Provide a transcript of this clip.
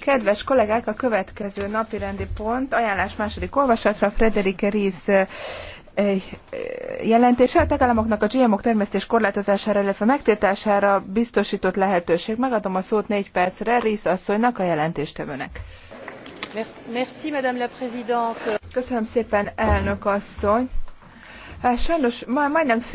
Kedves kollégák, a következő napirendi pont ajánlás második olvasatra Frederike Ries eh, eh, jelentése a tagállamoknak a GMO k termesztés korlátozására, illetve megtiltására biztosított lehetőség. Megadom a szót négy percre Ries asszonynak, a jelentéstevőnek. Köszönöm szépen, elnök asszony. Hát sajnos ma majdnem fél